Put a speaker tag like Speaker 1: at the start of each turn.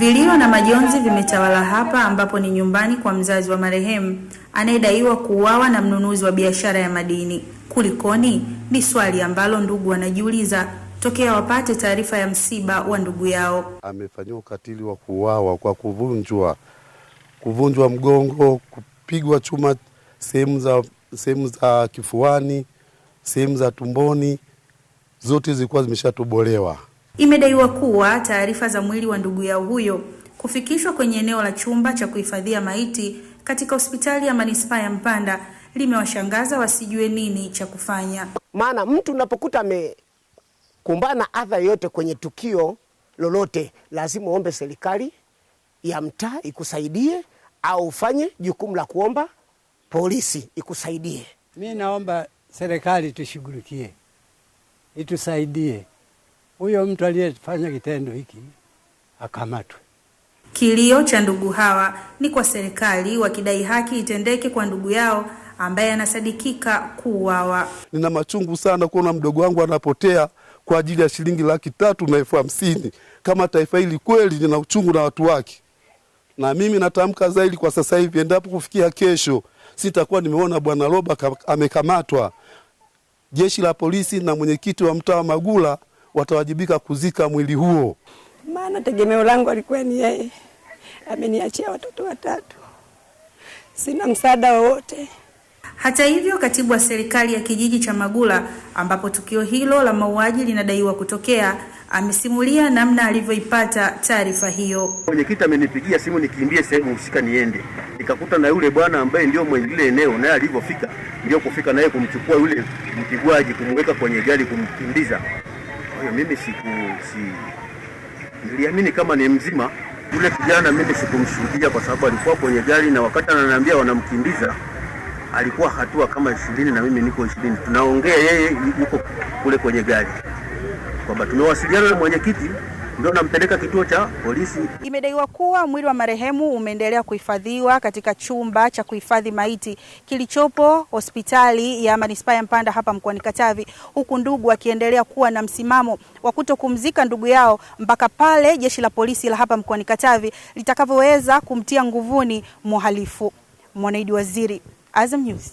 Speaker 1: Vilio na majonzi vimetawala hapa ambapo ni nyumbani kwa mzazi wa marehemu anayedaiwa kuuawa na mnunuzi wa biashara ya madini. Kulikoni? Ni swali ambalo ndugu wanajiuliza tokea wapate taarifa ya msiba wa ndugu yao.
Speaker 2: Amefanyiwa ukatili wa kuuawa kwa kuvunjwa, kuvunjwa mgongo, kupigwa chuma sehemu za, sehemu za kifuani sehemu za tumboni, zote zilikuwa zimeshatobolewa.
Speaker 1: Imedaiwa kuwa taarifa za mwili wa ndugu yao huyo kufikishwa kwenye eneo la chumba cha kuhifadhia maiti katika hospitali ya manispaa ya Mpanda limewashangaza wasijue nini cha kufanya.
Speaker 3: Maana mtu unapokuta amekumbana adha yoyote kwenye tukio lolote, lazima uombe serikali ya mtaa ikusaidie au ufanye jukumu la kuomba polisi ikusaidie.
Speaker 4: Mi naomba serikali tushughulikie, itusaidie, huyo mtu aliyefanya kitendo hiki akamatwe.
Speaker 1: Kilio cha ndugu hawa ni kwa serikali, wakidai haki itendeke kwa ndugu yao ambaye anasadikika kuuawa.
Speaker 5: Nina machungu sana kuona mdogo wangu anapotea kwa ajili ya shilingi laki tatu na elfu hamsini. Kama taifa hili kweli lina uchungu na watu wake, na mimi natamka zaidi kwa sasa hivi, endapo kufikia kesho sitakuwa nimeona bwana Roba amekamatwa. Jeshi la polisi na mwenyekiti wa mtaa wa Magula watawajibika kuzika mwili huo,
Speaker 6: maana tegemeo langu alikuwa ni yeye. Ameniachia watoto watatu, sina msaada wowote.
Speaker 1: Hata hivyo, katibu wa serikali ya kijiji cha Magula ambapo tukio hilo la mauaji linadaiwa kutokea amesimulia namna alivyoipata taarifa hiyo.
Speaker 7: Mwenyekiti amenipigia simu nikimbie sehemu husika niende, nikakuta na yule bwana ambaye ndio mwenye lile eneo, naye alivyofika ndio kufika naye kumchukua yule mpigwaji, kumweka kwenye gari, kumkimbiza. Kwa hiyo mimi siku si niliamini kama ni mzima yule kijana, mimi sikumshuhudia kwa sababu alikuwa kwenye gari, na wakati ananiambia wanamkimbiza alikuwa hatua kama ishirini na mimi niko ishirini, tunaongea yeye yuko kule kwenye gari kwamba tumewasiliana na mwenyekiti ndio nampeleka kituo cha polisi.
Speaker 1: Imedaiwa kuwa mwili wa marehemu umeendelea kuhifadhiwa katika chumba cha kuhifadhi maiti kilichopo hospitali ya manispaa ya Mpanda hapa mkoani Katavi, huku ndugu akiendelea kuwa na msimamo wa kutokumzika ndugu yao mpaka pale jeshi la polisi la hapa mkoani Katavi litakavyoweza kumtia nguvuni mhalifu. Mwanaidi Waziri, Azam News.